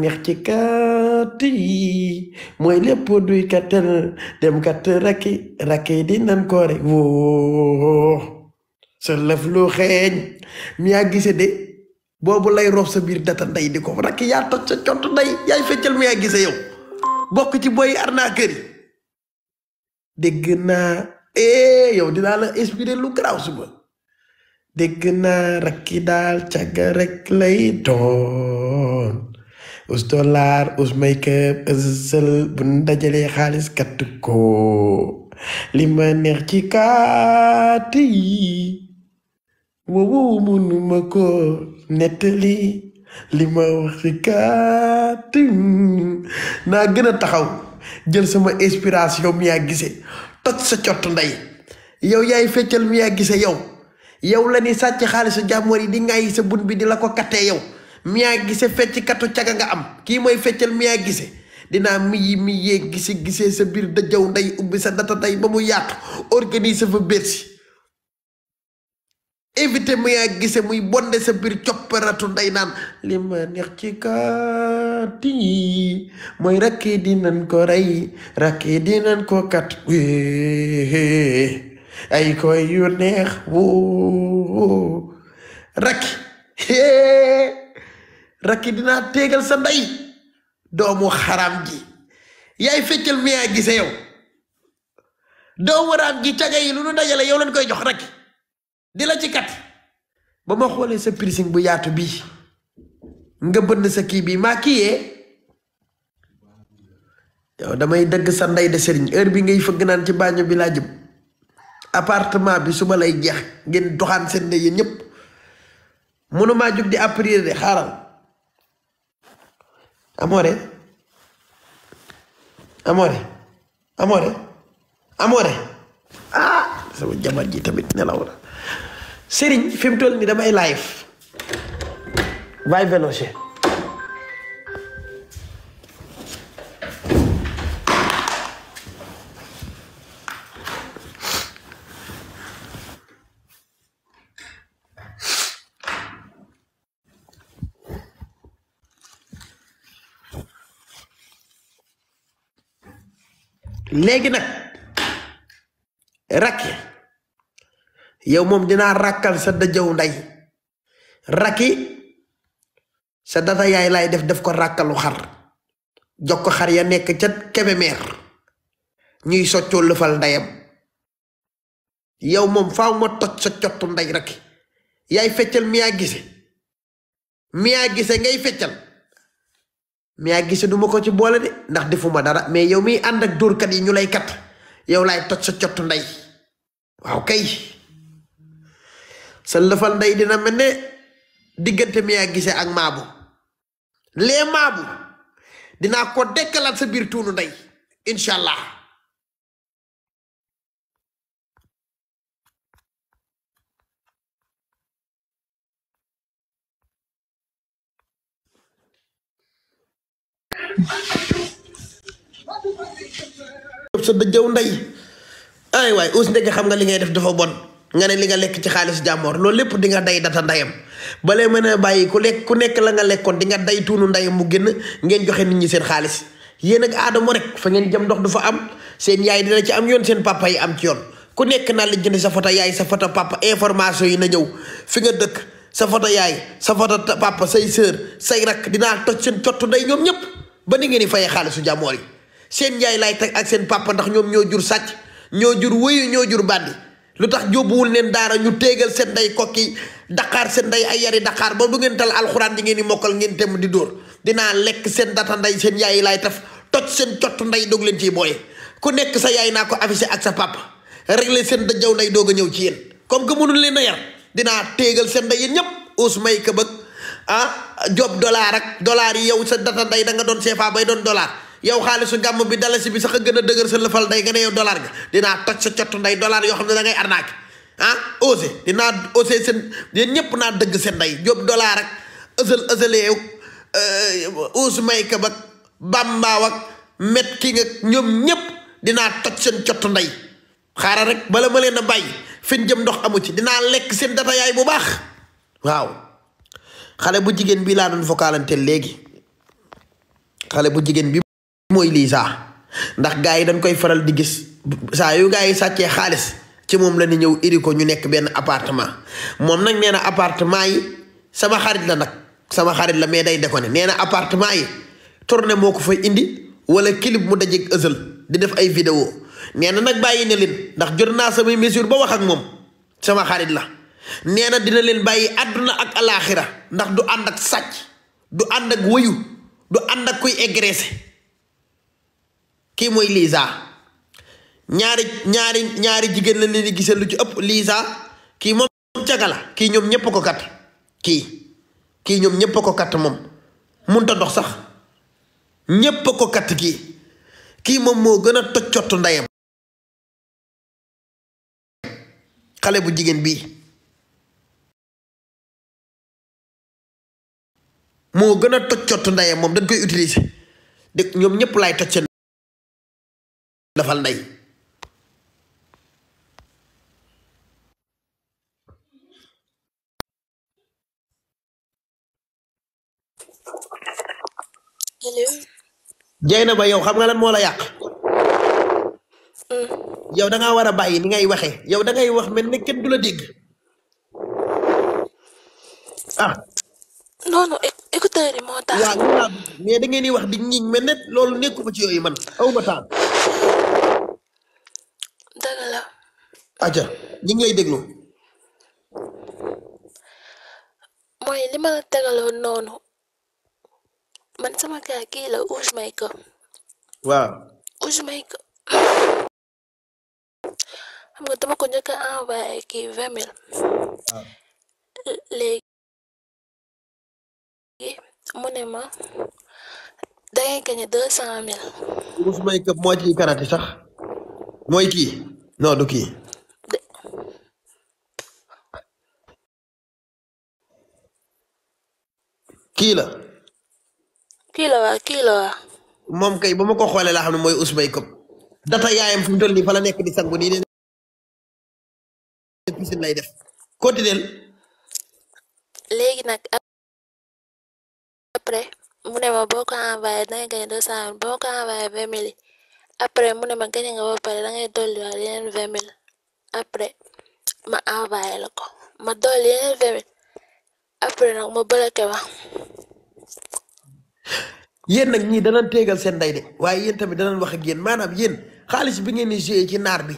neex ci kat yi mooy lépp duy katel dem kat rakki rakki di nan ko rek woo sa lëf lu xeeñ mi gise de boobu lay rof sa biir data nday di ko rakki yaa toj sa cont yaay feccal mi gise yow bokk ci boy arnaqueur yi dégg naa eh, yow dinaa la inspiré lu garaaw suba dégg naa rakki daal cagga rek lay doon us dollar us make-up us dajalee xaalis katt ko li ma neex ci katt yi wowow mënuma ko nettali li ma wax ci katt naa gën a taxaw jël sama inspiration mi yaa gise toj sa cott ndey yow yaay feccal mi yaa gise yow yow la ni sàcc xaalisu jàmmoor yi di ngay sa bun bi di la ko kattee yow Mia Guissé fecc katu caga nga am kii mooy fecceel Mia Guissé dina miyi miyee gise gisee sa biir da jaw nday ubbi sa data day ba mu yaatu organise fa Bercy invité Mia Guissé muy bonde sa biir copparatu nday naan li neex ci kaati yi mooy rakkee dinañ ko rey rakkee dinañ ko kat ay koy yu neex woo rakki rakki dinaa téegal sa ndey doomu xaram ji yaay feccal miyaa gise yow doomu raam ji caga yi lu nu dajale yow lañ koy jox rakki di la ci kat ba ma xoolee sa piercing bu yaatu bii nga bënn sa kii bii maa kii yee damay dëgg sa ndey de sëriñ bi ngay fëgg naan ci bàñño bi laa jëb apartement bi suba lay jeex ngeen doxaan seen ne yéen ñëpp maa jóg di apprier de xaaral amore amore amore amore ah sama jabar ji tamit nelaw na Serigne fi mu toll nii damay live. Vai veloce. léegi nag rakki yow moom dinaa rakkal sa dajaw ndey rakki sa data yaay laay def def ko rakkalu xar jox ko xar ya nekk ca Kébémer ñuy soccoo lëfal ndeyam yow moom faaw ma toj sa cottu ndey rakki yaay feccal miyaa gise miyaa gise ngay feccal mais gise du ma ko ci boole de ndax defuma dara mais yow miy ànd ak dóorkat yi ñu lay kat yow lay toj sa cottu ndey waaw kay sa lëfal ndey dina mel ne diggante mi yaa gise ak maabu lee maabu dinaa ko dekkalaat sa biir tuunu ndey incha allah sa dëjëw ndey ay waay us ndeke xam nga li ngay def dafa bon nga ne li nga lekk ci xaalis jàmmoor loolu lépp di nga day data ndayam balee mën a bàyyi ku lekk ku nekk la nga lekkoon di nga day tuunu ndeyam mu génn ngeen joxe nit ñi seen xaalis yéen ak aadamo rek fa ngeen jëm ndox du fa am seen yaay dina ci am yoon seen papa yi am ci yoon ku nekk naa la jënd sa foto yaay sa foto papa information yi na ñëw fi nga dëkk sa foto yaay sa foto papa say sœur dinaa toj seen cottu ndey ñoom ñëpp ba ni ngeen di fayee xaalisu jàmmoor yi seen yaay laay teg ak seen papa ndax ñoom ñoo jur sàcc ñoo jur wëyu ñoo jur bandi lu tax jóbbuwul leen daara ñu téegal seen ndey kokki daqaar seen ndey ay yari daqaar ba ngeen tal alxuraan di ngeen di mokkal ngeen tem di dóor dinaa lekk seen data ndey seen yaay laay taf toj seen cott ndey doog leen ciy booyee ku nekk sa yaay naa ko affiché ak sa papa réglé seen dajaw ndey doog ñëw ci yéen comme que mënul leen a yar dinaa téegal seen ndey yéen ñëpp Ousmay Këbëg ah job dollar ak dollar yi yow sa data ndey da nga doon CFA bay doon dollar yow xaalisu gàmm bi dalasi bi sax a gën a dëgër sa lëfal day nga ne yow dollar nga dinaa toj sa cottu nday dollar yoo xam ne da ah, dinaa osé seen yéen ñëpp naa dëgg seen nday job dollar ak ësël ësëleew uusu euh, ak met ki nga ñoom ñëpp dinaa toj seen cottu nday xaaral rek bala ma leen a bàyyi fin jëm ndox amu ci dinaa lekk seen data yaay bu baax waaw xale bu jigéen bi laa doon vocalante léegi xale bu jigéen bi mooy Liza ndax gars yi dañ koy faral di gis saa yu gaa yi sàccee xaalis ci moom la ñu ñëw iri ñu nekk benn appartement moom nag nee na appartement yi sama xarit la nag sama xarit la mais day de ne nee na appartement yi tournée moo ko fay indi wala clip mu dajeeg Ezel di def ay vidéo nee na nag bàyyi na leen ndax jot naa samay mesure ba wax ak moom sama xarit la neena dina leen bàyyi àdduna ak alaaxira ndax du ànd ak sàcc du ànd ak wëyu du ànd ak kuy égressé kii mooy Lisa ñaari ñaari ñaari jigéen la leen di gisal lu ci ëpp Lisa kii moom caga la kii ñoom ñépp ko kat kii kii ñoom ñépp ko kat moom munta dox sax moom moo gën a toccot ndeyam xale bu jigéen bi moo gën a toj cottu ndeyam moom dañ koy utiliser dëkk ñoom ñëpp laay toj seen dafal ndey na ba yow xam nga lan moo la yàq mm. yow danga ngaa war a bàyyi ni ngay waxe yow dangay wax mel ne kenn dula la écouteur yi moo tax. waaw mais da ngeen di wax di ñiñ mais net loolu nekku ci yooyu man aw ma taal. la. aja ñi ngi lay déglu. mooy li ma noonu man sama kaa kii la Ousse Mayka. waaw Ousse Mayka. xam nga dama ko njëkk a envoyé kii vingt ne ma dangay gagné deux cent mille. Ousmane may këpp mooy kii karaté sax mooy kii non du kii. kii la. kii la waa kii la waa. moom kay ba ma ko xoolee laa xam ne mooy Ousmane Kopp data yaayam fu mu toll nii fa nekk di sangu nii de piscine lay def continuel. léegi nag mu ne ma boo ko envoyé dangay gagné deux cent boo ko envoyé vingt après mu ne ma gagné nga ba pare dangay dolliwaat yeneen vingt mille après ma envoyé la ko ma dolli yeneen vingt après nag ma bloqué wax. yéen nag ñii danañ tegal seen ndey de waaye yéen tamit danañ wax ak yéen maanaam yéen xaalis bi ngeen di joué ci naar bi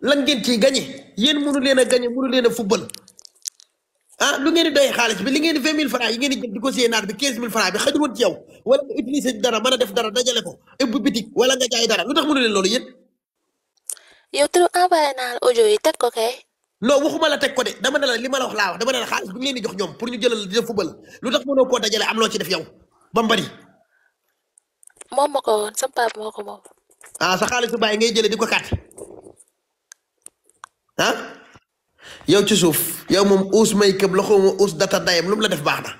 lan ngeen ciy gagné yéen mënu leen a gagné mënu leen a football ah lu ngeen di doy xaalis bi li ngeen di vingt mille francs yi ngeen di jël naat bi quinze mille francs bi xajul woon ci yow wala utiliser dara mën a def dara dajale ko ubbi bitik wala nga jaay dara lu tax mënu leen loolu yéen. yow trop envoyé naa la audio yi teg ko kay. non waxuma la teg ko de dama ne la li ma la wax laa wax dama ne la xaalis bu ñu leen di jox ñoom pour ñu jëlal di def fubal lu tax mënoo koo dajale am loo ci def yow bambari. moom ma ko woon sama papa moo ko moom. ah sa xaalis su bàyyi ngay jële di ko kaat ah. yow ci suuf yow moom uus may këb loxo ma uus data dayam lu mu la def baax na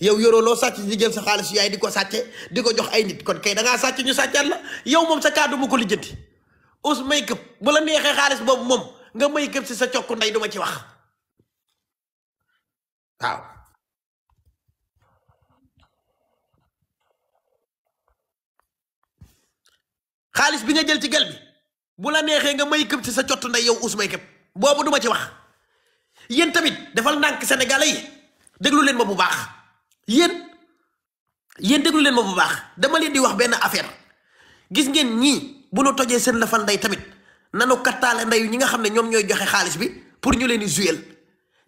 yow yoroo loo sàcc di jël sa xaalis yaay di ko sàcce di ko jox ay nit kon kay da ngaa sàcc ñu sàccaat la yow moom sa kàddu ko lijjanti uus may këb bu la neexee xaalis boobu moom nga may këb si sa cokku ndey duma ci wax waaw bi nga jël ci gel bu la neexee may këb ci sa cottu yow uus may këb boobu duma ci wax yéen tamit defal ndànk sénégalais yi déglu leen ma bu baax yéen yéen déglu leen ma bu baax dama leen di wax benn affaire gis ngeen ñii bu nu tojee seen lafal ndey tamit nanu kattaale ndeyu ñi nga xam ne ñoom ñooy joxe xaalis bi pour ñu leen di juyel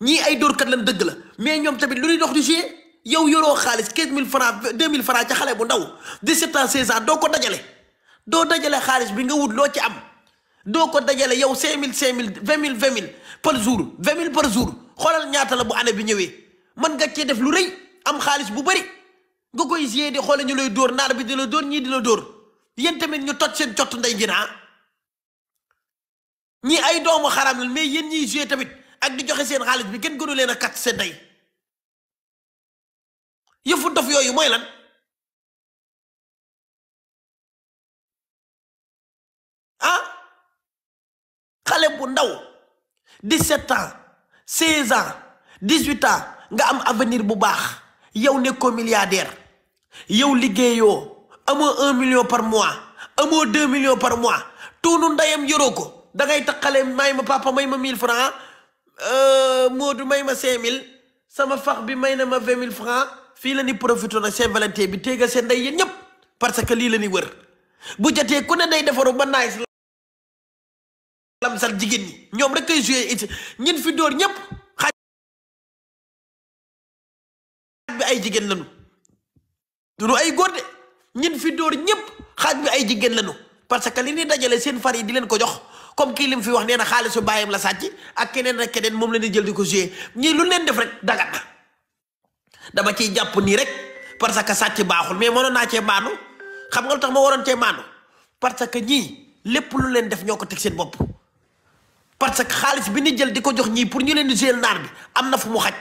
ñii ay dóorkat lan dëgg la mais ñoom tamit lu ñuy dox di juyee yow yoroo xaalis 15000 francs 2000 francs ci xale bu ndaw 17 ans 16 ans doo ko dajale doo dajale xaalis bi nga wut loo ci am. doo ko dajale yow cinq mille cinq mille vingt mille vingt mille par jour vingt mille par jour xoolal ñaata bu année bi ñëwee mën nga cee def lu rëy am xaalis bu bëri nga koy gérer di xoole ñu lay dóor naar bi di la dóor ñii di la dóor yéen tamit ñu toj seen cott nday jinaa ah. ñii ay doomu xaram la mais yéen ñiy joué tamit ak di joxe seen xaalis bi kenn gënu leen a kat seen day yëfu dof yooyu mooy lan. xale bu ndaw 17 ans 16 ans 18 ans nga am avenir bu baax yow nekkoo milliardaire yow liggéeyoo amoo un million par mois amoo deux millions par mois tuunu ndeyam yoroo ko da ngay taxalee may ma papa may ma mille francs euh, du may ma cinq mille sama fax bi may na ma vingt mille francs fii la ni profité na Saint-Valentin bi téega seen ndey yéen ñëpp parce que lii la ni wër bu jotee ku ne day defaru ba naaj lamsal jigéen ñi ñoom rek koy joué it ñin fi dóor ñëpp xaaj bi ay jigéen lañu duñu ay góor de ñin fi dóor ñëpp xaaj bi ay jigéen lañu parce que li ñuy dajale seen far yi di leen ko jox comme kii lim fi wax nee na xaalisu bàyyam la sàcc ak keneen ak keneen moom la ñuy jël di ko joué ñii lu leen def rek dagat na dama ciy jàpp nii rek parce que sàcc baaxul mais mënoon naa cee maanu xam nga lu tax ma waroon cee maanu parce que ñii lépp lu leen def ñoo ko teg seen bopp parce que xaalis bi ni jël di ko jox ñii pour ñu leen di jël naar bi am na fu mu xaj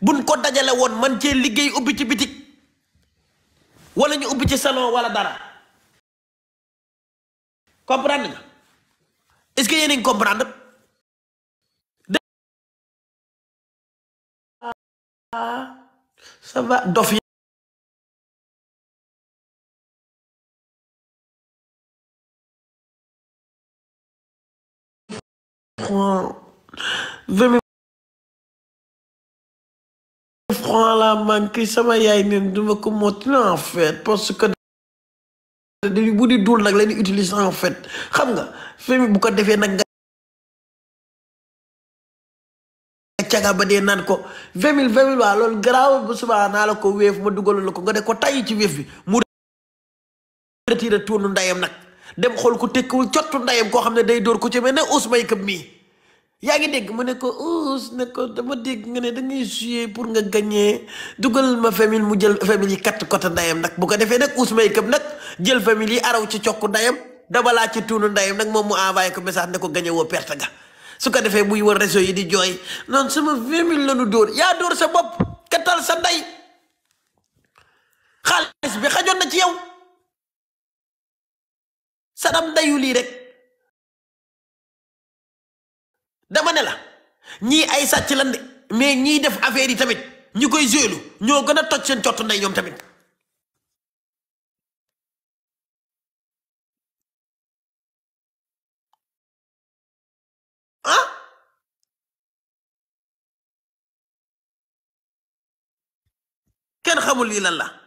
buñ ko dajale woon man cee liggéey ubbi ci bitik wala ñu ubbi ci salon wala dara comprendre nga est-ce que yéen comprendre ah, ça va dof manqué sama yaay neen duma ko mottali en fait parce que bu di dul nag la ñuy utiliser xam nga fémi bu ko defee nag nga caga ba dee naan ko vingt mille vingt mille waa loolu garaaw bu subaa naa la ko wéef ma dugal la ko nga de ko tàyyi ci weef bi mu retiré tuunu ndayam nag dem xool ku tekkiwul cottu ndayam koo xam ne day dóor ko ci mel ne Ousmane Kab mii yaa ngi dégg mu ne ko us oh, dama dégg nga ne da ngay pour nga gagner dugal ma famille mu jël famille yi katt côté ndayam nag bu ko defee nag us may këp nag jël famille yi araw ci cokku ndayam dabalaaj ci tuunu ndayam nag moom mu envoyé ko message ne ko gagné perte ga su ko defee muy wër réseau yi di jooy noonu sama vingt mille lanu dóor yaa dóor sa bopp kattal sa nday xaalis bi xajoon na ci yow sadam ndayu lii rek dama ne la ñii ay sàcc lan de mais ñiy def affaire yi tamit ñi koy jéelu ñoo gën a toj seen cott ñoom tamit ah kenn xamul lii lan la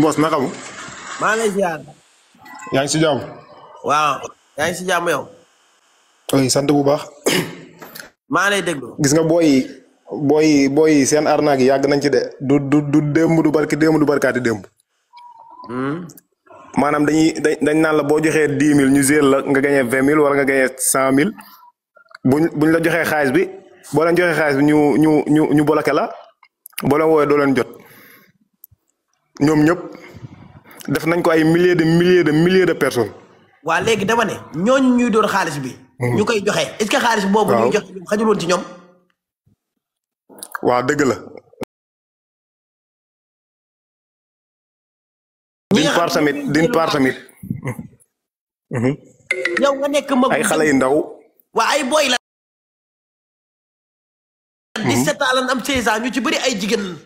Mbos na xamu. maa ngi ngi si jàmm. waaw yaa ngi si jàmm yow. oui sant bu baax. maa lay déglu. gis nga booy yi booy yi seen arnaque yi yàgg nañ ci de du du du démb du barki démb du barkaati démb. Hmm? maanaam dañuy dañ dañ naan la boo joxee dix mille ñu zéel la nga gagné vingt mille wala nga gagné cent mille buñ buñ la joxee xaalis bi boo leen joxee xaalis bi ñu ñu ñu ñu bloqué la boo leen woowee doo leen jot. ñoom ñëpp def nañ ko ay milliers de milliers de personnes. waa léegi dama ne ñooñu ñuy door xaalis bi. Hmm. ñu koy joxe est-ce que xaalis boobu. ñuy joxe ñoom ci ñoom. waa dëgg la. d'une part tamit d'une part mhm. nga nekk mag ay xale yu ndaw. waa ay booy la. Hmm. am 16 ans ci bëri ay jigéen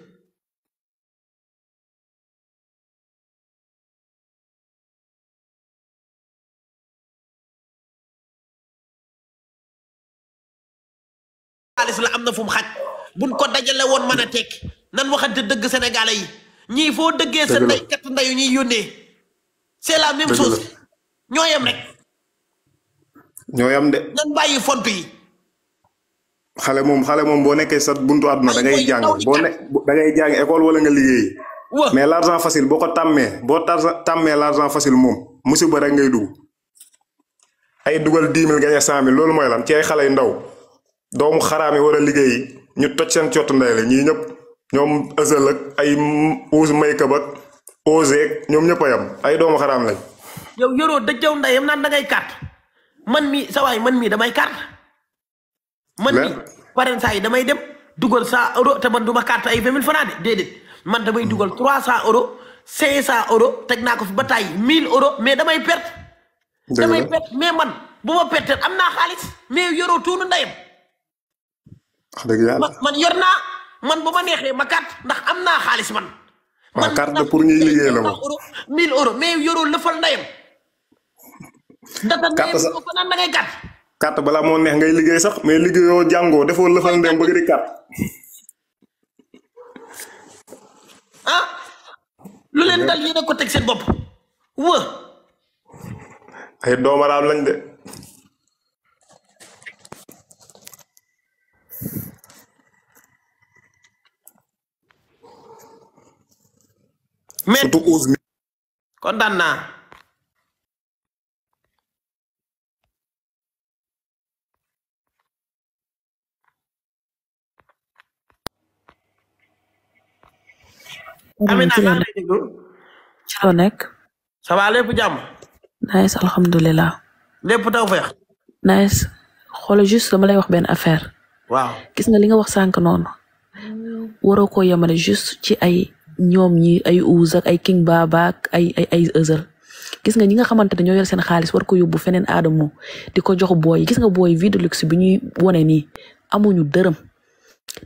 xaalis la am na fu mu xaj ko dajale woon mën a teg nan waxante dëgg sénégalais yi ñii foo dëggee sa ndey kat ndeyu ñuy yónnee c'est la yem rek ñoo yem de nan bàyyi font yi xale moom xale moom boo nekkee sa buntu àdduna da ngay jàng da ngay jàng école wala nga liggéey mais l'argent facile boo ko tàmmee boo tàmmee l'argent facile moom musiba rek ngay dugg ay dugal dix mille nga loolu mooy lan ci ay xale yu ndaw doomu xaraam yi war a liggéey ñu toj seen cottu ndey la ñii ñëpp ñoom Ezel ak ay Ousse Mayka ba Oseek ñoom ñëpp a yam ay doomu xaraam lañ. yow yoroo dëjëw ndeyam naan da ngay carte man mi sa waay man mii damay carte. man mi paren saa yi damay dem dugal 100 euro te man du ma carte ay 20 000 francs man damay dugal 300 euro 500 euro teg naa ko fi ba taay 1000 euro mais damay perte. damay perte mais man bu ma perte am naa xaalis mais yoroo tuunu ndeyam. wax dëgg yàlla man yor naa man bu ma neexee ma carte ndax am naa xaalis man. waaw carte de pour ñuy liggéey la moom 1000 euros mais yoroo lëfal ndayam. carte sax balaa moo neex ngay liggéey sax mais liggéeyoo jàngoo defoo lëfal ndayam bëgg di carte. ah lu leen dal yéen a bopp wë. ay doomaraam lañ de. mais surtout Ouz mi. kontaan na Amina maa ngi lay déglu. ci loo nekk. ça va lépp jàmm. nice alhamdulilah. lépp taw juste dama lay wax benn affaire. waaw gis nga li nga wax sànq noon waroo koo yemale juste ci ay. ñoom ñi ay Ouz ak ay King Baba ak ay ay ay Euser gis nga ñi nga xamante ne ñoo seen xaalis war ko yóbbu feneen aadamu di ko jox booy gis nga booy vie de luxe bi ñuy wone nii amuñu dërëm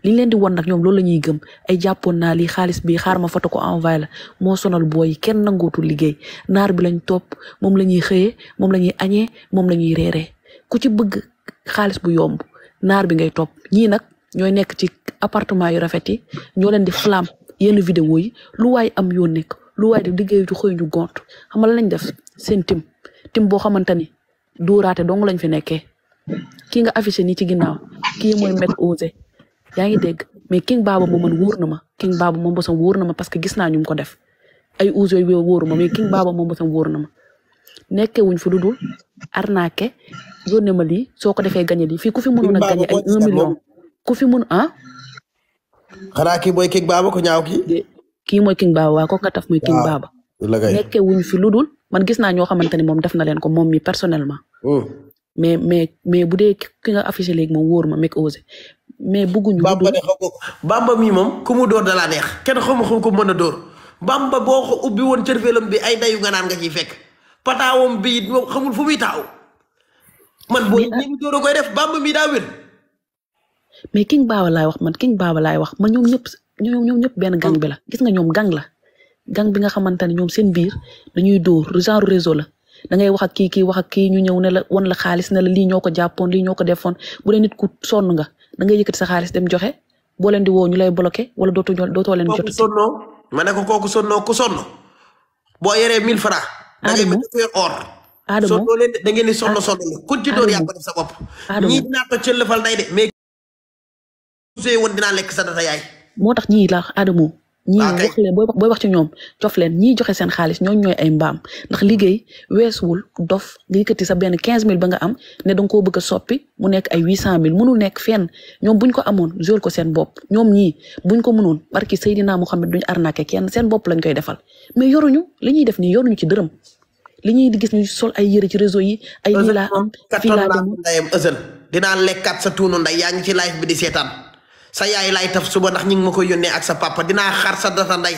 liñ leen di won nag ñoom loolu la ñuy gëm ay jàppoon naa lii xaalis bi xaar ma foto ko envoyé la moo sonal booy kenn nangootul liggéey naar bi lañ top moom la ñuy xëyee moom la ñuy añee moom la ñuy reeree ku ci bëgg xaalis bu yomb naar bi ngay topp ñii nag ñooy nekk ci appartement yu rafet yi ñoo leen di flam yenn vidéo yi lu waay am yoon nekk lu waay def liggéeyutu xëy ñu gont xamal lañ def seen tim tim boo xamante ni duuraate dong lañ fi nekkee kii nga affiché ni ci ginnaaw kii mooy met osé yaa ngi dégg mais king baaba moom man wóor na ma king baaba moom bosam wóor na ma parce que gis naa ñu ko def ay ous yooyu ma mais king baaba moom bosam wóor na nekkee wuñ fi lu dul arnaqué yónnee ma lii soo ko defee gagné lii fii ku fi mun a gagné ay un million ku fi mën ah xanaa kii mooy king baaba ko ñaaw kii. kii mooy king baaba waaw ko kataf mooy king baaba. nekkee wuñ fi dul man gis naa ñoo xamante ni moom def na leen ko moom mi personnellement. Hmm. mais mais mais bu dee ki nga affiché léegi moom wóor ma Mek Ozee mais bugguñu. bamba de xaw bamba mi moom ku mu dóor da laa neex kenn xamu xamu ko mën a dóor bamba boo ko ubbi woon cërfeelam bi ay dayu nga naan nga ciy fekk pataawam bi xamul fu muy taaw. man boo ñi mu a daa wér. mais King Baba laay wax man King Baba laay wax man ñoom ñëpp ñoom gang bi la gis nga ñoom gang la gang bi nga xamante ne ñoom seen biir dañuy dóor genre réseau la dangay wax ak kii kii wax ak kii ñu ñëw ne la won la xaalis ne la lii ñoo ko jàppoon lii ñoo ko defoon bu dee nit ku sonn nga da ngay yëkkati sa xaalis dem joxe boo leen diwoo ñu lay bloqué wala dootu dootoo leen jot. kooku ma ne ko kooku sonnoo ku sonn boo yoree 1000 francs. da ngay mel ni or. Adamo leen da ngeen di sonn sonn ku ci dóor yàq ko see woon dinaa lekk sa data moo tax ñii la Adamo. ñii ah, wax leen wax ñoom cof leen ñii joxe seen xaalis ñooñu ñooy ay mbaam ndax liggéey weesuwul dof nga yëkkati sa benn mille ba nga am ne da nga koo a soppi mu nekk ay cent 800000 mënul nekk fenn ñoom buñ ko amoon jël ko seen bopp ñoom ñii buñ ko mënoon barki Seydina Muhammad duñ arnaqué kenn seen bopp lañ koy defal mais yoruñu li ñuy def nii yoruñu ci dërëm li ñuy gis ñu sol ay yëre ci réseau yi. ay lii laa am fii laa dem dinaa lekkaat sa tuunu nday yaa ngi ci di seetaan. sa yaay laay taf suba ndax ñu ngi ma koy yónnee ak sa papa dinaa xar sa data ndey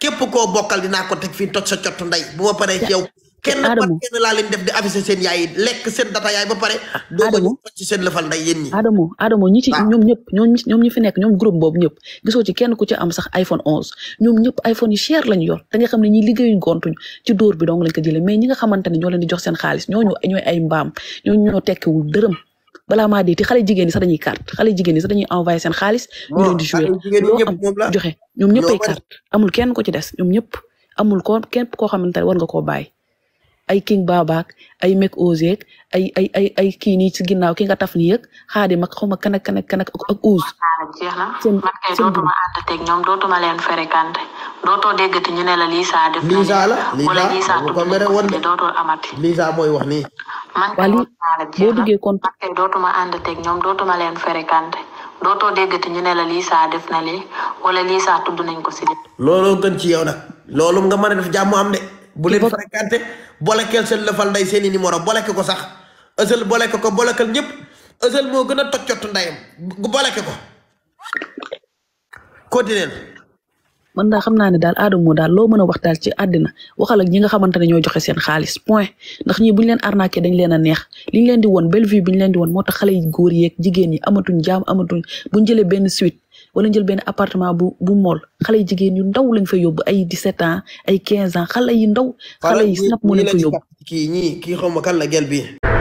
képp koo bokkal dinaa ko teg fii toj sa cottu ndey bu ma paree ci yow kenn par kenn laa leen def di aviser seen yaay lekk seen data yaay ba pare dooga ñu toj ci seen ci ñëpp ñoom ñoom ñu fi nekk ñoom groupe boobu ñëpp gisoo ci kenn ku ci am sax iPhone 11 ñoom ñëpp iPhone yu cher lañu yor te nga xam ne ñi liggéeyuñ gontuñ ci dóor bi dong lañ ko mais ñi nga xamante ne ñoo leen di jox seen xaalis ñooñu ñooy ay mbaam ñooñu ñoo wul dërëm balaa maa deeti xale jigéen ñi sax dañuy carte xale jigéen ñi sax dañuy envoyé seen xaalis. joxe ñoom ñëpp carte amul kenn ko ci des ñoom ñëpp amul ko kenn koo xamante ne war nga koo bàyyi. ay king baabaak ay mek oseeg ay ay ay ay kii nii ci ginnaaw ki nga taf nii yëg xaadi mag xaw ma kan ak kan ak kan ak ak uus. seen seen dugub jeex na man kay dootuma ñoom dootuma leen dootoo déggati ñu ne la lii saa def. lii saa la lii woon de dootoo amati. lii saa mooy wax nii. man kay boo duggee kon man kay dootuma ànd teg ñoom dootuma leen fréquenté dootoo déggati ñu ne la lii saa def na lii wala lii saa tudd nañ ko si def. looloo gën ci yow nag loolu nga mën a def jàmm am de. bu leen fréquenté bolekeel seen lëfal nday seen i numéro boleke ko sax ësël boleke ko bolekeel ñëpp ësël moo gën a toccot ndayam boleke ko continué. man daa xam naa ne daal aadama moo daal loo mën a wax daal ci àddina waxal ak ñi nga xamante ne ñoo joxe seen xaalis point ndax ñii buñu leen arnaqué dañ leen a neex liñ leen di woon belle vue leen di woon moo tax xale yi góor yeeg jigéen ñi amatuñ jaam amatuñ buñ jëlee benn suite wala jël benn appartement bu bu mool xale yi jigéen yu ndaw lañ fa yóbbu ay 17 ans ay quinze ans xale yi ndaw xale yi snap moo leen fa yóbbu kii ñii kii xawma kan la gel bi